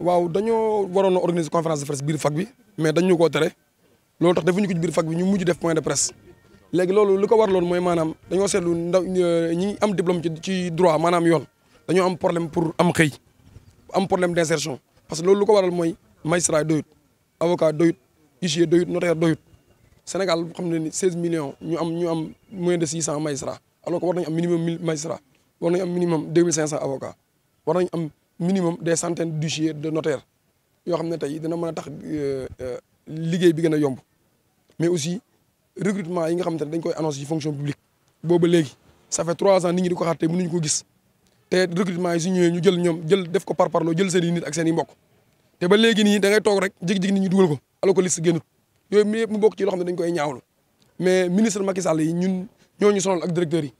waaw dañoo waroon a organiser conférence de presse biir fac bi mais dañu koo tere loolu tax defuñu ko ci biir fac bi ñu mujj def point de presse léegi loolu li ko waraloon mooy maanaam dañoo seetlu ndaw ñu euh, am diplôme ci ci droit maanaam yoon dañoo am problème pour am xëy am problème d'insertion parce que loolu lu ko waral mooy magistrat doyut avocat doyut huissier doyut notaire doyut Sénégal xam ne ni 16 millions ñu am ñu am moins de 600 magistrats alors que war nañu am minimum 1000 magistrats war nañu am minimum 2500 avocats am minimum des centaines d'huissiers de notaire yoo xam ne tey dina mën a euh, euh, liggéey bi gën a yomb mais aussi recrutement yi nga xam ne dañ koy annonce ci fonction publique booba léegi ça fait trois ans nit ñi di ko xaar tey mënuñu ko gis te recrutement yi su ñëwee ñu jël ñoom jël def ko par parloo jël seen i nit ak seen i mbokk te ba léegi ni da ngay toog rek jig-jig nit ñi dugal ko alors que liste yooy yooyu mu yëpp mu bokk ci ne dañ koy ñaawlu mais ministre Macky Sall yi ñun ñoo ñu sonal ak directeurs yi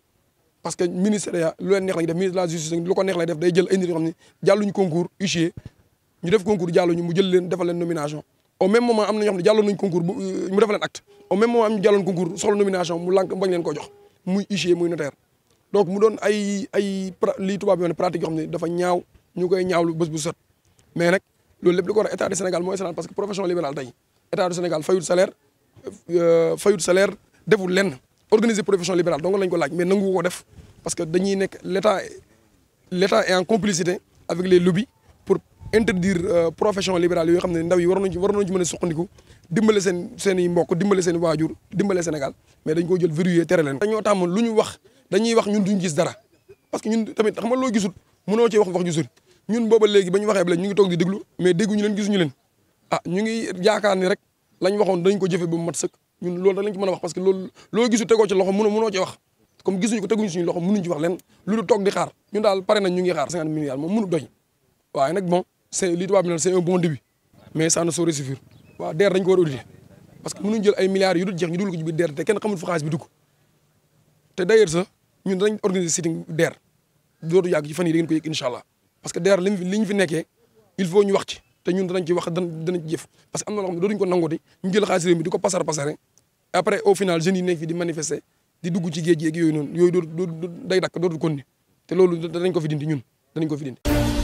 parce que ministère ya lu leen neex lañ def ministre la justice lu ko neex lay def day jël ay nit yoo xam ne concours huissier ñu def concours jàlluñu mu jël leen defal leen nomination au même moment am na ñoo xam ne jàlloon nañ concours euh, mu defal leen au même moment am ñu jàlloon concours soxla nomination mu lànk bañ leen ko jox muy huissier muy mu doon ay ay li tubaab yoon pratique yoo xam ne dafa ñaaw ñu koy ñaawlu bés bu set mais nag loolu lépp li ko war état du Sénégal mooy Sénégal parce que profession libérale tey état du Sénégal fayul euh, organiser profession libérale donc lañ ko laaj mais nangu ko def parce que dañuy nekk l' état l' état est en complicité avec les lobbies pour interdire euh, profession libérale yoo xam ne ndaw yi war nañu ci war nañu ci mën a suqandiku dimbale seen seeni mbokk dimbale seen waajur dimbale Sénégal mais dañ ko jël verrouillé tere leen. dañoo tàmm lu ñu wax dañuy wax ñun duñ gis dara parce que ñun tamit xam nga loo gisul mënoo ci wax wax ju sori ñun booba léegi ba ñu waxee ba ñu ngi toog di déglu mais dégguñu leen gisuñu leen ah ñu ngi yaakaar ni rek lañ waxoon dañ ko jëfee ba mu mat sëkk ñun loolu da lañ ci mën a wax parce que loolu loolu gisu tegoo ci loxo mënu mënoo ci wax comme gisuñu ko teguñu suñu loxo mënuñu ci wax leen loolu toog di xaar ñun daal pare nañ ñu ngi xaar doy mais ça ne saurait suffire waaw DER war a parce que mënuñ jël ay milliards yu dul ko ci biir DER te kenn xamul fu xaalis bi dugg te d'ailleurs sax ñun danañ organiser sitting DER dootu que DER liñ fi fi nekkee il ñun danañ ci wax danañ ci jëf parce que am ko nangoo di ñu pasar pasare après au final jeunes yi nekk fi di manifester di dugg ci géej gi ak yooyu noonu yooyu doo dakk dootul kon ni te loolu danañ ko fi dindi ñun danañ ko fi dindi